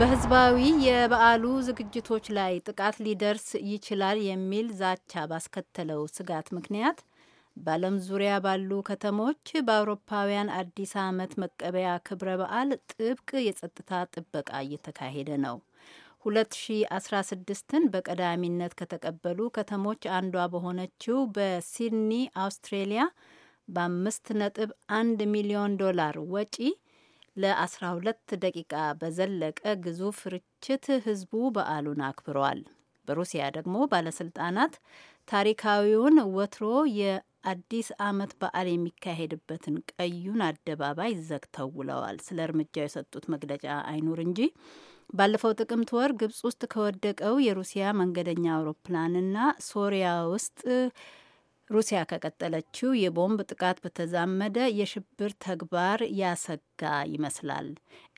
በህዝባዊ የበዓሉ ዝግጅቶች ላይ ጥቃት ሊደርስ ይችላል የሚል ዛቻ ባስከተለው ስጋት ምክንያት በዓለም ዙሪያ ባሉ ከተሞች በአውሮፓውያን አዲስ ዓመት መቀበያ ክብረ በዓል ጥብቅ የጸጥታ ጥበቃ እየተካሄደ ነው። 2016ን በቀዳሚነት ከተቀበሉ ከተሞች አንዷ በሆነችው በሲድኒ አውስትሬሊያ በአምስት ነጥብ አንድ ሚሊዮን ዶላር ወጪ ለ12 ደቂቃ በዘለቀ ግዙፍ ርችት ህዝቡ በዓሉን አክብረዋል። በሩሲያ ደግሞ ባለስልጣናት ታሪካዊውን ወትሮ የአዲስ ዓመት በዓል የሚካሄድበትን ቀዩን አደባባይ ዘግተው ውለዋል። ስለ እርምጃው የሰጡት መግለጫ አይኑር እንጂ ባለፈው ጥቅምት ወር ግብጽ ውስጥ ከወደቀው የሩሲያ መንገደኛ አውሮፕላንና ሶሪያ ውስጥ ሩሲያ ከቀጠለችው የቦምብ ጥቃት በተዛመደ የሽብር ተግባር ያሰጋ ይመስላል።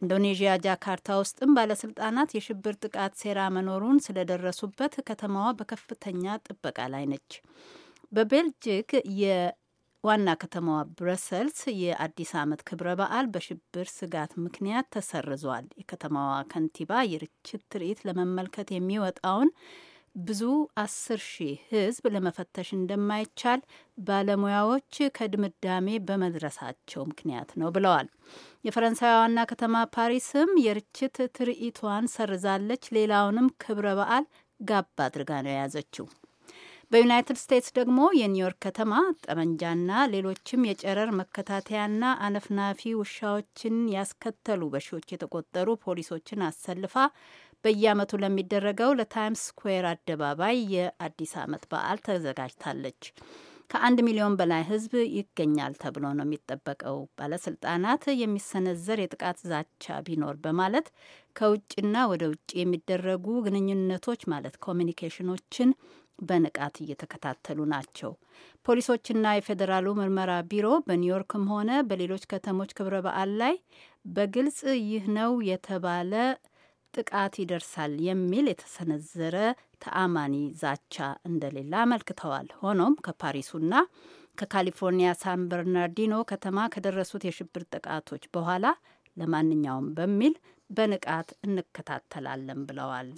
ኢንዶኔዥያ ጃካርታ ውስጥም ባለስልጣናት የሽብር ጥቃት ሴራ መኖሩን ስለደረሱበት ከተማዋ በከፍተኛ ጥበቃ ላይ ነች። በቤልጅክ ዋና ከተማዋ ብረሰልስ የአዲስ ዓመት ክብረ በዓል በሽብር ስጋት ምክንያት ተሰርዟል። የከተማዋ ከንቲባ የርችት ትርኢት ለመመልከት የሚወጣውን ብዙ አስር ሺህ ህዝብ ለመፈተሽ እንደማይቻል ባለሙያዎች ከድምዳሜ በመድረሳቸው ምክንያት ነው ብለዋል። የፈረንሳይ ዋና ከተማ ፓሪስም የርችት ትርኢቷን ሰርዛለች። ሌላውንም ክብረ በዓል ጋብ አድርጋ ነው የያዘችው። በዩናይትድ ስቴትስ ደግሞ የኒውዮርክ ከተማ ጠመንጃና ሌሎችም የጨረር መከታተያና አነፍናፊ ውሻዎችን ያስከተሉ በሺዎች የተቆጠሩ ፖሊሶችን አሰልፋ በየዓመቱ ለሚደረገው ለታይምስ ስኩዌር አደባባይ የአዲስ ዓመት በዓል ተዘጋጅታለች። ከአንድ ሚሊዮን በላይ ሕዝብ ይገኛል ተብሎ ነው የሚጠበቀው። ባለስልጣናት የሚሰነዘር የጥቃት ዛቻ ቢኖር በማለት ከውጭና ወደ ውጭ የሚደረጉ ግንኙነቶች ማለት ኮሚኒኬሽኖችን በንቃት እየተከታተሉ ናቸው። ፖሊሶችና የፌዴራሉ ምርመራ ቢሮ በኒውዮርክም ሆነ በሌሎች ከተሞች ክብረ በዓል ላይ በግልጽ ይህ ነው የተባለ ጥቃት ይደርሳል የሚል የተሰነዘረ ተአማኒ ዛቻ እንደሌለ አመልክተዋል። ሆኖም ከፓሪሱና ከካሊፎርኒያ ሳን በርናርዲኖ ከተማ ከደረሱት የሽብር ጥቃቶች በኋላ ለማንኛውም በሚል በንቃት እንከታተላለን ብለዋል።